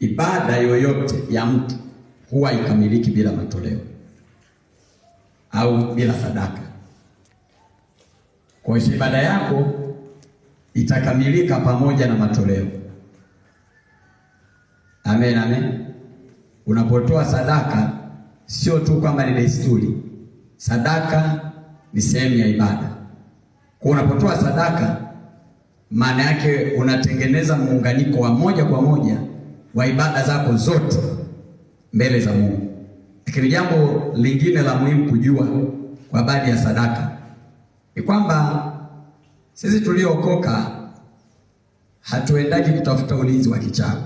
Ibada yoyote ya mtu huwa ikamiliki bila matoleo au bila sadaka. Kwa hiyo ibada yako itakamilika pamoja na matoleo. Amen, amen. Unapotoa sadaka, sio tu kwamba ni desturi, sadaka ni sehemu ya ibada. Kwa unapotoa sadaka, maana yake unatengeneza muunganiko wa moja kwa moja wa ibada zako zote mbele za Mungu. Lakini jambo lingine la muhimu kujua kwa habari ya sadaka ni kwamba sisi tuliookoka hatuendaji kutafuta ulinzi wa kichawi.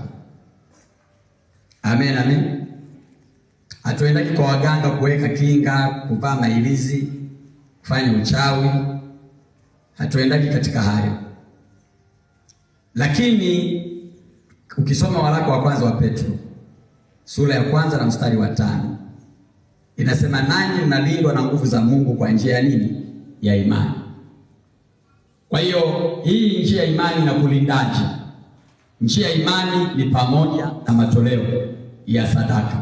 Amen, amen. Hatuendaji kwa waganga kuweka kinga, kuvaa mailizi, kufanya uchawi. Hatuendaji katika hayo, lakini Ukisoma waraka wa kwanza wa Petro sura ya kwanza na mstari wa tano inasema, nanyi mnalindwa na nguvu za Mungu kwa njia ya nini? Ya imani. Kwa hiyo hii njia ya imani na kulindaji, njia ya imani ni pamoja na matoleo ya sadaka,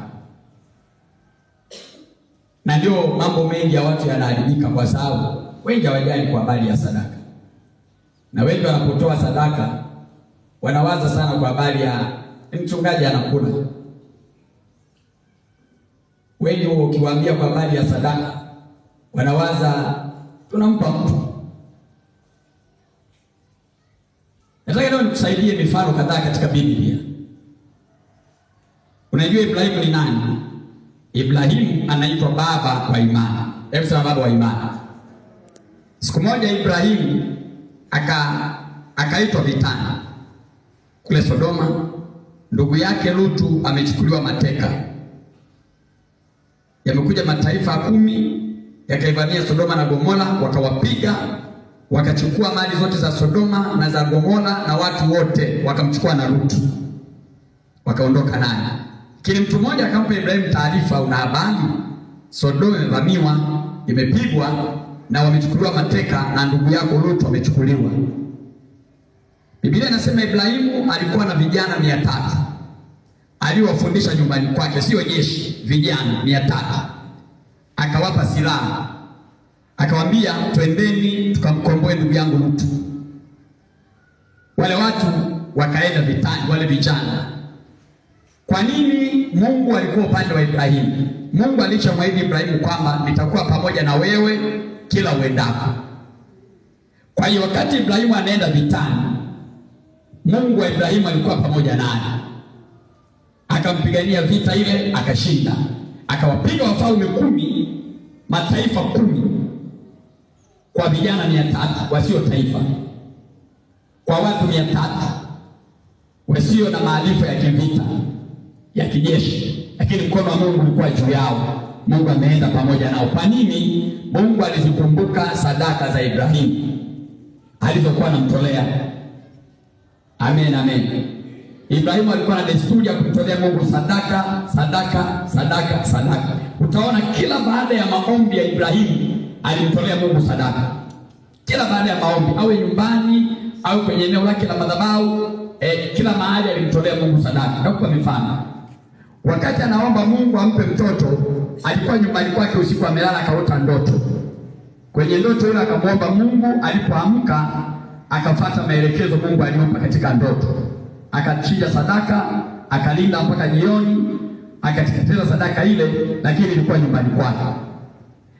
na ndio mambo mengi ya watu yanaharibika kwa sababu wengi hawajali kwa habari ya sadaka, na wengi wanapotoa sadaka wanawaza sana kwa habari ya mchungaji anakula. Wengi ukiwaambia kwa habari ya sadaka, wanawaza tunampa mtu. Nataka leo nikusaidie mifano kadhaa katika Biblia. Unajua Ibrahimu ni nani? Ibrahimu anaitwa baba wa imani. Hebu sema baba wa imani. Siku moja Ibrahimu aka akaitwa vitani kule Sodoma, ndugu yake Lutu amechukuliwa mateka. Yamekuja mataifa kumi yakaivamia Sodoma na Gomora, wakawapiga wakachukua mali zote za Sodoma na za Gomora na watu wote, wakamchukua na Lutu wakaondoka naye. Lakini mtu mmoja akampa Ibrahimu taarifa, una habari Sodoma imevamiwa, imepigwa na wamechukuliwa mateka, na ndugu yako Lutu amechukuliwa. Biblia inasema Ibrahimu alikuwa na vijana mia tatu aliowafundisha nyumbani kwake, sio jeshi, vijana mia tatu akawapa silaha, akawaambia twendeni tukamkomboe ndugu yangu Lutu. Wale watu wakaenda vitani, wale vijana. Kwa nini? Mungu alikuwa upande wa Ibrahimu. Mungu alichomwahidi Ibrahimu kwamba nitakuwa pamoja na wewe kila uendapo. Kwa hiyo wakati Ibrahimu anaenda vitani Mungu wa Ibrahimu alikuwa pamoja naye, akampigania vita ile akashinda, akawapiga wafalme kumi, mataifa kumi kwa vijana mia tatu wasio taifa, kwa watu mia tatu wasio na maarifa ya kivita ya kijeshi, lakini mkono wa Mungu ulikuwa juu yao. Mungu ameenda pamoja nao. Kwa nini? Mungu alizikumbuka sadaka za Ibrahimu alizokuwa anamtolea Amen, amen. Ibrahimu alikuwa na desturi ya kumtolea Mungu sadaka, sadaka, sadaka, sadaka. Utaona kila baada ya maombi ya Ibrahimu alimtolea Mungu sadaka, kila baada ya maombi, awe nyumbani au kwenye eneo lake la madhabahu eh, kila mahali alimtolea Mungu sadaka. Nakupa mifano, wakati anaomba Mungu ampe mtoto, alikuwa nyumbani kwake usiku amelala, akaota ndoto. Kwenye ndoto ile akamwomba Mungu, alipoamka akafata maelekezo Mungu aliyompa katika ndoto, akachinja sadaka, akalinda mpaka jioni, akateketeza sadaka ile, lakini ilikuwa nyumbani kwake.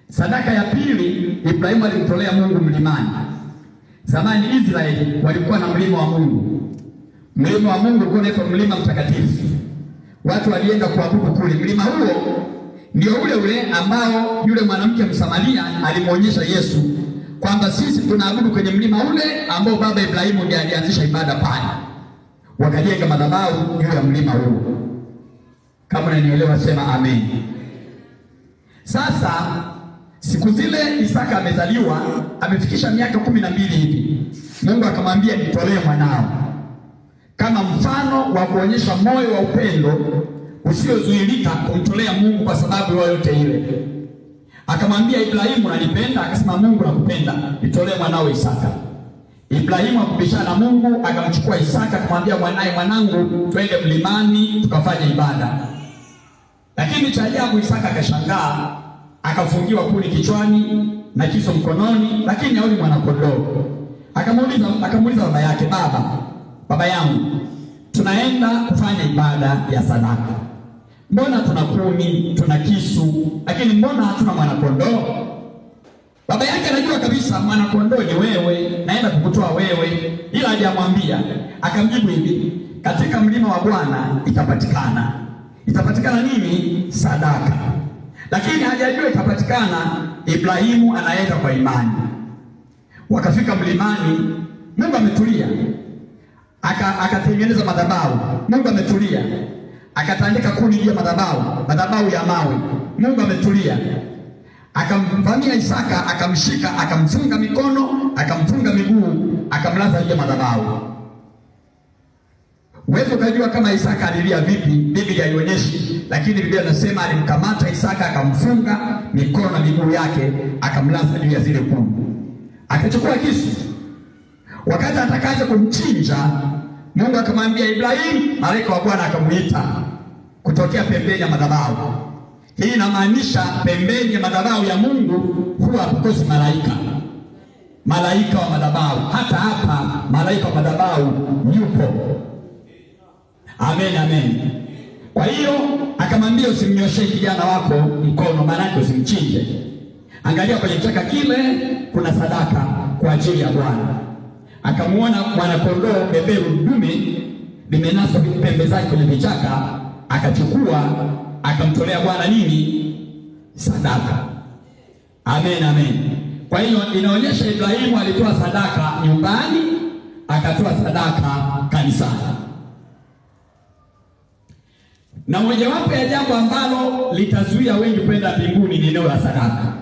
Sadaka ya pili Ibrahimu alimtolea Mungu mlimani. Zamani Israeli walikuwa na mlima wa Mungu. Mlima wa Mungu ulikuwa unaitwa mlima mtakatifu. Watu walienda kuabudu kule. Mlima huo ndio ule ule ambao yule mwanamke Msamaria alimwonyesha Yesu kwamba sisi tunaabudu kwenye mlima ule ambao baba Ibrahimu ndiye alianzisha ibada pale, wakajenga madhabahu juu ya mlima huo. Kama unanielewa sema amen. Sasa siku zile Isaka amezaliwa, amefikisha miaka kumi na mbili hivi, Mungu akamwambia nitolee mwanao kama mfano wa kuonyesha moyo wa upendo usiozuilika kumtolea Mungu kwa sababu yoyote ile. Akamwambia Ibrahimu, unanipenda? Akasema, Mungu nakupenda, nitolee mwanao Isaka. Ibrahimu akubishana na Mungu, akamchukua Isaka, akamwambia mwanaye, mwanangu, twende mlimani tukafanye ibada. Lakini cha ajabu, Isaka akashangaa, akafungiwa kuni kichwani na kisu mkononi, lakini haoni mwanakondoo. Akamuuliza, akamuuliza baba yake, baba, baba yangu, tunaenda kufanya ibada ya sadaka mbona tuna kuni, tuna kisu, lakini mbona hatuna mwanakondoo? Baba yake anajua kabisa mwanakondoo ni wewe, naenda kukutoa wewe, ila hajamwambia. Akamjibu hivi, katika mlima wa Bwana itapatikana. Itapatikana nini? Sadaka, lakini hajajua itapatikana. Ibrahimu anaenda kwa imani, wakafika mlimani, Mungu ametulia, akatengeneza aka madhabahu, Mungu ametulia akatandika kuni juu ya madhabahu, madhabahu ya mawe. Mungu ametulia, akamvamia Isaka, akamshika, akamfunga mikono, akamfunga miguu, akamlaza juu ya madhabahu. Uwezi ukajua kama Isaka alilia vipi, Biblia haionyeshi, lakini Biblia inasema alimkamata Isaka, akamfunga mikono na miguu yake, akamlaza juu ya zile kuni, akachukua kisu, wakati atakaja kumchinja Mungu akamwambia Ibrahimu, malaika wa Bwana akamuita kutokea pembeni ya madhabahu. Hii inamaanisha pembeni ya madhabahu ya Mungu huwa hapakosi malaika, malaika wa madhabahu. Hata hapa malaika wa madhabahu yupo. Amen, amen. Kwa hiyo akamwambia, usimnyoshee kijana wako mkono, maanake usimchinje. Angalia kwenye kichaka kile kuna sadaka kwa ajili ya Bwana akamwona mwanakondoo beberu dume limenaswa pembe zake kwenye vichaka, akachukua akamtolea Bwana nini? Sadaka. Amen, amen. Kwa hiyo inaonyesha Ibrahimu alitoa sadaka nyumbani, akatoa sadaka kanisani, na mojawapo ya jambo ambalo litazuia wengi kwenda mbinguni ni eneo la sadaka.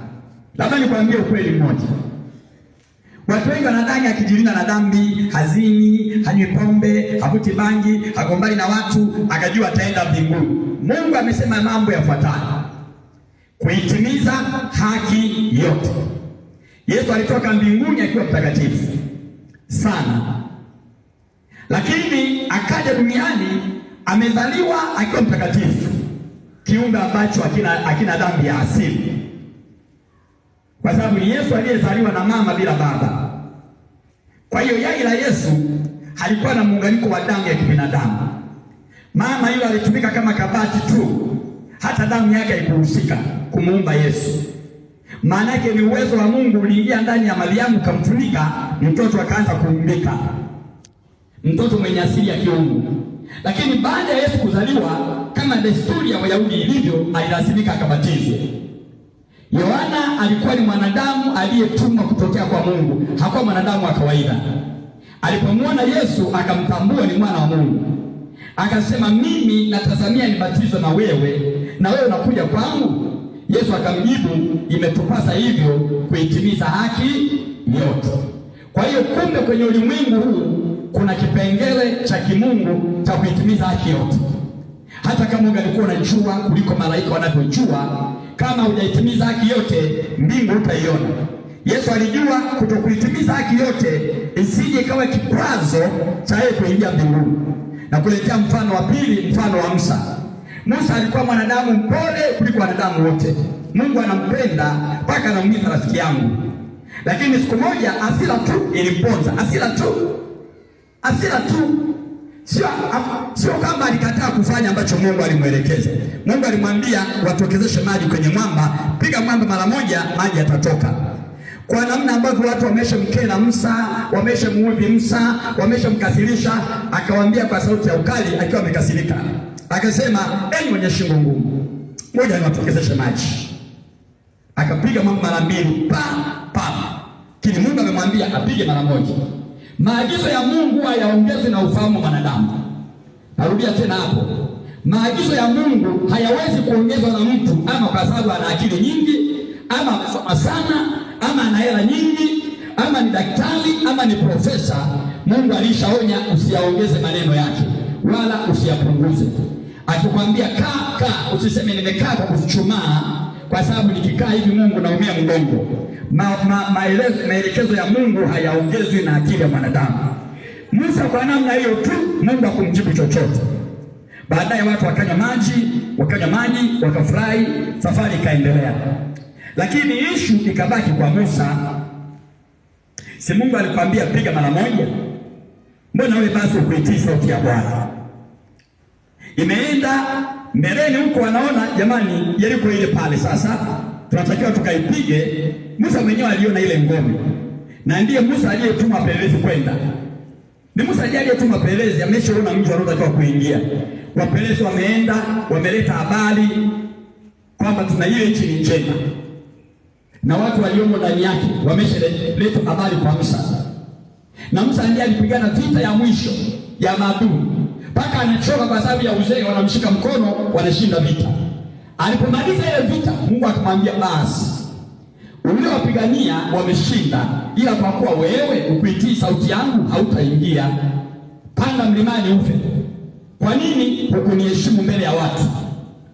Labda nikwambie ukweli mmoja Watu wengi wanadhani akijilinda na dhambi, hazini, hanywi pombe, havuti bangi, hagombani na watu, akajua ataenda mbinguni. Mungu amesema mambo yafuatayo: kuitimiza haki yote. Yesu alitoka mbinguni akiwa mtakatifu sana, lakini akaja duniani, amezaliwa akiwa mtakatifu, kiumbe ambacho hakina dhambi ya asili kwa sababu Yesu aliyezaliwa na mama bila baba. Kwa hiyo yai la Yesu halikuwa na muunganiko wa damu ya kibinadamu. Mama yule alitumika kama kabati tu, hata damu yake haikuhusika kumuumba Yesu. Maana yake ni uwezo wa Mungu uliingia ndani ya Mariamu, kamfunika mtoto, akaanza kuumbika, mtoto mwenye asili ya kiungu. Lakini baada ya Yesu kuzaliwa, kama desturi ya Wayahudi ilivyo, alilazimika akabatizwe. Yohana alikuwa ni mwanadamu aliyetumwa kutokea kwa Mungu, hakuwa mwanadamu wa kawaida. Alipomwona Yesu akamtambua ni mwana wa Mungu, akasema mimi natazamia nibatizwe na wewe, na wewe unakuja kwangu? Yesu akamjibu, imetupasa hivyo kuitimiza haki yote. Kwa hiyo, kumbe kwenye ulimwengu huu kuna kipengele cha kimungu cha kuitimiza haki yote, hata kama ungalikuwa unajua kuliko malaika wanavyojua kama hujaitimiza haki yote, mbingu utaiona. Yesu alijua kutokuitimiza haki yote isije ikawa kikwazo cha yeye kuingia mbinguni. Na kuletea mfano wa pili, mfano wa Musa. Musa alikuwa mwanadamu mpole kuliko wanadamu wote. Mungu anampenda mpaka anaumiza rafiki yangu, lakini siku moja asila tu ilimponza, asila tu, asila tu Sio sio kama alikataa kufanya ambacho Mungu alimwelekeza. Mungu alimwambia watokezeshe maji kwenye mwamba, piga mwamba mara moja, maji yatatoka. Kwa namna ambavyo watu wameshamkera Musa, wameshamuudhi Musa, wameshamkasirisha, akawaambia kwa sauti ya ukali, akiwa amekasirika, akasema enyi ee wenye shingo ngumu, ngoja niwatokezeshe maji. Akapiga mwamba mara mbili, pa pa, kile Mungu amemwambia apige mara moja. Maagizo ya Mungu hayaongezwi na ufahamu mwanadamu. Narudia tena hapo, maagizo ya Mungu hayawezi kuongezwa na mtu, ama kwa sababu ana akili nyingi, ama amesoma sana, ama ana hela nyingi, ama ni daktari, ama ni profesa. Mungu alishaonya usiyaongeze maneno yake wala usiyapunguze, akikwambia kaa, kaa, usiseme nimekaa kwa kuchuchumaa, kwa sababu nikikaa hivi Mungu naumia mgongo ma, ma, maelezo maelekezo ya Mungu hayaongezwi na akili ya mwanadamu. Musa kwa namna hiyo tu Mungu akumjibu chochote. Baadaye watu wakanywa maji, wakanywa maji, wakafurahi, safari ikaendelea, lakini ishu ikabaki kwa Musa. Si Mungu alikwambia piga mara moja? Mbona wewe basi ukuitii sauti ya Bwana? Imeenda mbeleni huko, wanaona jamani, Yeriko ile pale sasa tunatakiwa tukaipige. Musa mwenyewe aliona ile ngome, na ndiye Musa aliyetuma pelezi kwenda. Ni Musa ndiye aliyetuma pelezi ameshaona mji wanaotakiwa kuingia. Wapelelezi wameenda, wameleta habari kwamba tuna ile nchi ni njema, na watu waliomo ndani yake wameshaleta habari kwa Musa, na Musa ndiye alipigana vita ya mwisho ya maadui mpaka anachoka kwa sababu ya uzee, wanamshika mkono, wanashinda vita. Alipomaliza ile vita, Mungu akamwambia basi, uliowapigania wameshinda, ila kwa kuwa wewe ukuitii sauti yangu hautaingia. Panda mlimani ufe. Kwa nini hukuniheshimu mbele ya watu?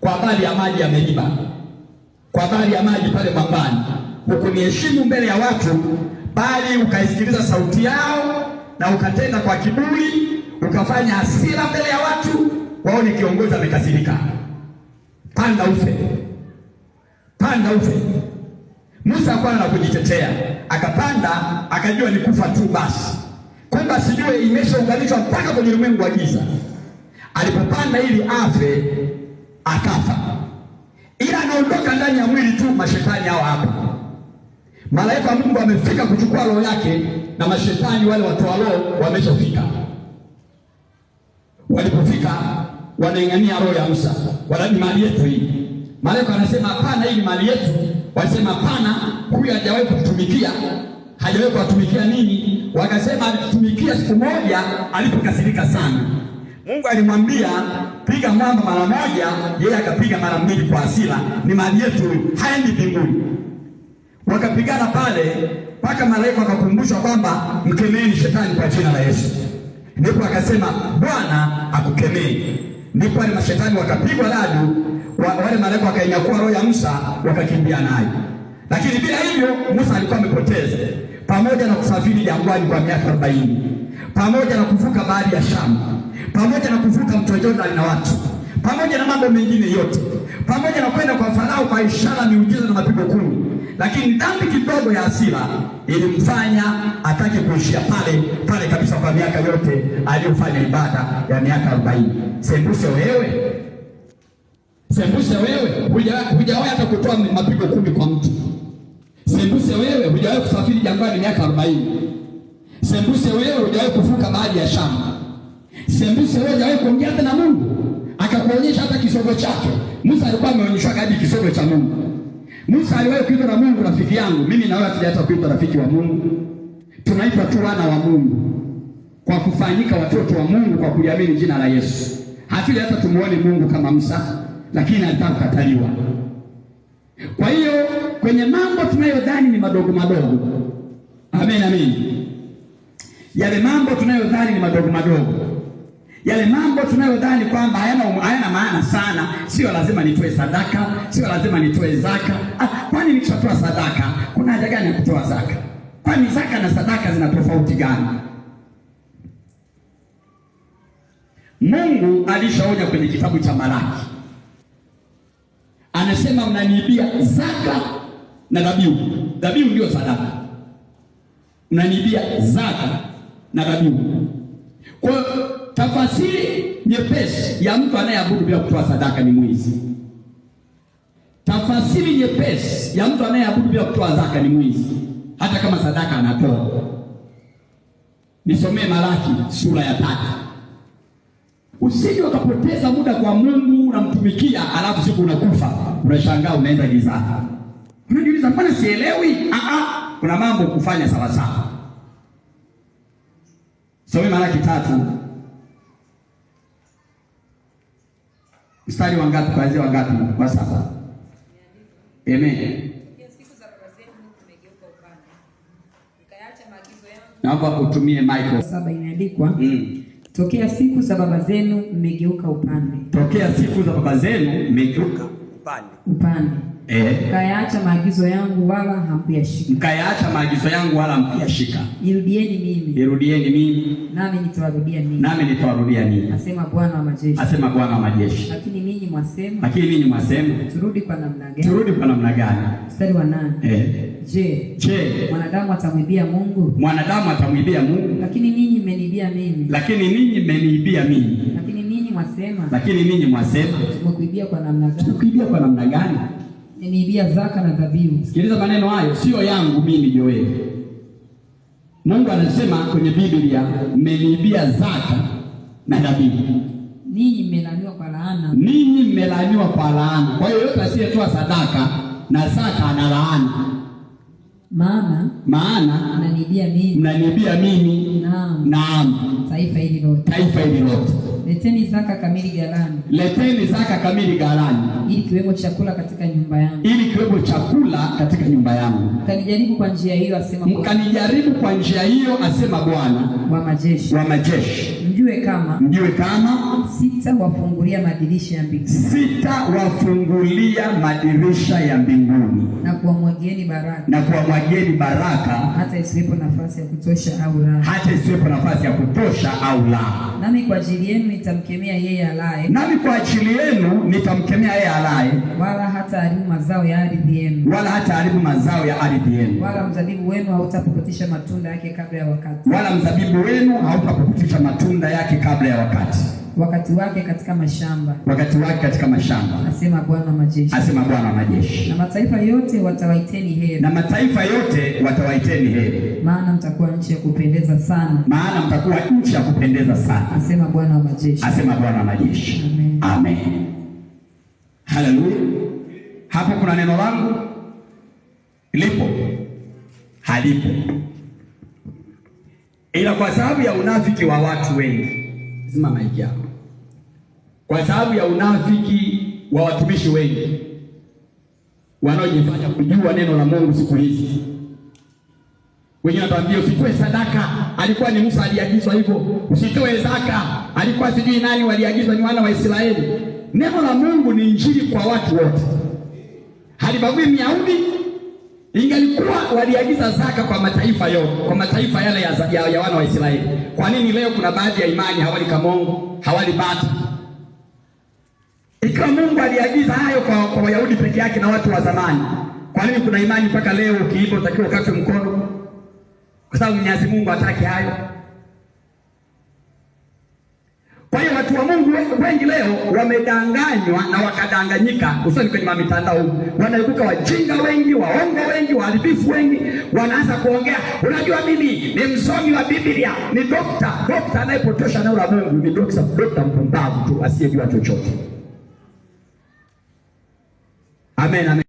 Kwa habari ya maji ya Meriba, kwa habari ya maji pale mwambani, hukuniheshimu mbele ya watu, bali ukaisikiliza sauti yao na ukatenda kwa kiburi, ukafanya hasira mbele ya watu waone kiongozi amekasirika panda ufe, panda ufe. Musa hakuwa na kujitetea, akapanda akajua ni kufa tu basi, kwamba sijue imeshaunganishwa mpaka kwenye ulimwengu wa giza. Alipopanda ili afe, akafa, ila anaondoka ndani ya mwili tu. Mashetani hao hapa, malaika wa Mungu amefika kuchukua roho yake, na mashetani wale watoa roho wameshafika. Walipofika wanaing'ania roho ya Musa, wanani mali yetu hii. Malaika anasema hapana, hii ni mali yetu. Wanasema hapana, huyu hajawahi kutumikia, hajawahi kuwatumikia nini? Wakasema alitumikia siku moja alipokasirika sana. Mungu alimwambia piga mwamba mara moja, yeye akapiga mara mbili kwa hasira. Ni mali yetu, haendi mbinguni. Wakapigana pale mpaka malaika wakakumbushwa kwamba mkemeni shetani kwa jina la Yesu. Ndipo akasema Bwana akukemee ndipo wale mashetani wakapigwa radu, wale malaika wakainyakua roho ya Musa wakakimbia naye. Lakini bila hivyo Musa alikuwa amepoteza, pamoja na kusafiri jangwani kwa miaka arobaini, pamoja na kuvuka bahari ya Shamu, pamoja na kuvuka mto Jordani na watu, pamoja na mambo mengine yote, pamoja na kwenda kwa Farao kwa ishara, miujiza na mapigo kumi lakini dhambi kidogo ya hasira ilimfanya atake kuishia pale pale kabisa kwa miaka yote aliyofanya ibada ya miaka arobaini. Sembuse wewe, sembuse wewe, hujawahi hata kutoa mapigo kumi kwa mtu. Sembuse wewe, hujawahi kusafiri jangwani miaka arobaini. Sembuse wewe, hujawahi kuvuka maji ya shamba. Sembuse wewe, hujawahi kuongea hata na Mungu akakuonyesha hata kisogo chake. Musa alikuwa ameonyeshwa hadi kisogo cha Mungu. Musa aliwahi kuitwa na Mungu rafiki yangu. Mimi na wewe hatujawahi kuitwa rafiki wa Mungu, tunaitwa tu wana wa Mungu kwa kufanyika watoto wa Mungu kwa kuliamini jina la Yesu. Hatuja hata tumuone Mungu kama Musa, lakini alitaka kukataliwa. Kwa hiyo kwenye mambo tunayodhani ni madogo madogo, amen, amen, yale mambo tunayodhani ni madogo madogo yale mambo tunayodhani kwamba hayana hayana maana sana, sio lazima nitoe sadaka, sio lazima nitoe zaka. Ah, kwani nikishatoa sadaka kuna haja gani ya kutoa zaka? Kwani zaka na sadaka zina tofauti gani? Mungu alishaoja kwenye kitabu cha Malaki, anasema mnaniibia zaka na dhabihu. Dhabihu ndio sadaka, mnaniibia zaka na dhabihu. Kwa Tafasiri nyepesi ya mtu anayeabudu bila kutoa sadaka ni mwizi. Tafasiri nyepesi ya mtu anayeabudu bila kutoa zaka ni mwizi, hata kama sadaka anatoa. Nisomee Malaki sura ya tatu. Usije ukapoteza muda kwa Mungu, unamtumikia alafu siku unakufa, unashangaa unaenda gizani, unajiuliza mbona sielewi? Ah, ah, kuna mambo kufanya sawasawa. Somee Malaki tatu Mstari wa ngapi kuanzia wa ngapi kwa saba Amen. Naomba kutumie microphone. Saba inaandikwa. Mm. Tokea siku za baba zenu mmegeuka upande. Tokea siku za baba zenu mmegeuka upande. Upande. Eh? mkayaacha maagizo yangu wala hamkuyashika, mkayaacha maagizo yangu wala hamkuyashika, nirudieni mimi, irudieni mimi, nami nitawarudia ninyi, nami nitawarudia ninyi, asema Bwana wa majeshi, asema Bwana wa majeshi. Lakini ninyi mwasema, lakini ninyi mwasema, turudi kwa namna gani? Turudi kwa namna gani? Mstari wa nane. Eh, je, je, mwanadamu atamwibia Mungu? Mwanadamu atamwibia Mungu? Lakini ninyi mmeniibia mimi, lakini ninyi mmeniibia mimi. Lakini ninyi mwasema, lakini ninyi mwasema, tumekuibia kwa namna gani? Tumekuibia kwa namna gani? ameniibia zaka na dhabihu. Sikiliza maneno hayo, sio yangu mimi Joeli. Mungu anasema kwenye Biblia, mmeniibia zaka na dhabihu. Ninyi mmelaniwa kwa laana. Ninyi mmelaniwa kwa laana. Kwa hiyo yote asiyetoa sadaka na zaka ana laana. Maana maana mnaniibia mimi. Mnaniibia mimi. Naam. Naam. Taifa hili lote. Taifa hili lote. Leteni zaka kamili ghalani. Leteni zaka kamili ghalani. Ili kiwemo chakula katika nyumba yangu. Ili kiwemo chakula katika nyumba yangu. Mkanijaribu kwa njia hiyo asema Bwana. Mkanijaribu kwa njia hiyo asema Bwana wa majeshi. Wa majeshi. Mjue kama, mjue kama sitawafungulia madirisha ya mbinguni, sitawafungulia madirisha ya mbinguni na kuwamwagieni baraka, na kuwamwagieni baraka hata isiwepo nafasi ya kutosha au la, hata isiwepo nafasi ya kutosha au la. Nami kwa ajili yenu nitamkemea yeye alaye, nami kwa ajili yenu nitamkemea yeye alaye, wala hata haribu mazao ya ardhi yenu, wala hata haribu mazao ya ardhi yenu, wala mzabibu wenu hautapukutisha matunda yake kabla ya wakati, wala mzabibu wenu hautapukutisha matunda yake kabla ya wakati, wakati wake katika mashamba, wakati wake katika mashamba, asema Bwana majeshi, asema Bwana majeshi. Na mataifa yote watawaiteni heri, na mataifa yote watawaiteni heri, maana mtakuwa nchi ya kupendeza sana, maana mtakuwa nchi ya kupendeza sana, asema Bwana wa majeshi, asema Bwana majeshi. Amen, amen, haleluya. Hapo kuna neno langu lipo halipo ila kwa sababu ya unafiki wa watu wengi, zima maiki yako, kwa sababu ya unafiki wa watumishi wengi wanaojifanya kujua neno la Mungu siku hizi, wengine wataambia usitoe sadaka, alikuwa ni Musa aliagizwa hivyo, usitoe zaka, alikuwa sijui nani waliagizwa, ni wana wa Israeli. Neno la Mungu ni injili kwa watu wote, halibagui Myahudi Ingalikuwa waliagiza zaka kwa mataifa yo, kwa mataifa yale ya, ya, ya wana wa Israeli. Kwa nini leo kuna baadhi ya imani hawali kamongo, hawali bata? Ikiwa Mungu aliagiza hayo kwa, kwa Wayahudi peke yake na watu wa zamani, kwa nini kuna imani mpaka leo Ukiipo utakiwa ukatwe mkono? Kwa sababu Mwenyezi Mungu hataki hayo. Kwa hiyo watu wa Mungu wengi leo wamedanganywa na wakadanganyika, hususani kwenye mitandao. Wanaibuka wajinga wengi, waongo wengi, waharibifu wengi, wanaanza kuongea, unajua mimi ni msomi wa Biblia, ni dokta. Dokta anayepotosha neno la Mungu ni dokta, dokta mpumbavu tu asiyejua chochote. Amen, amen.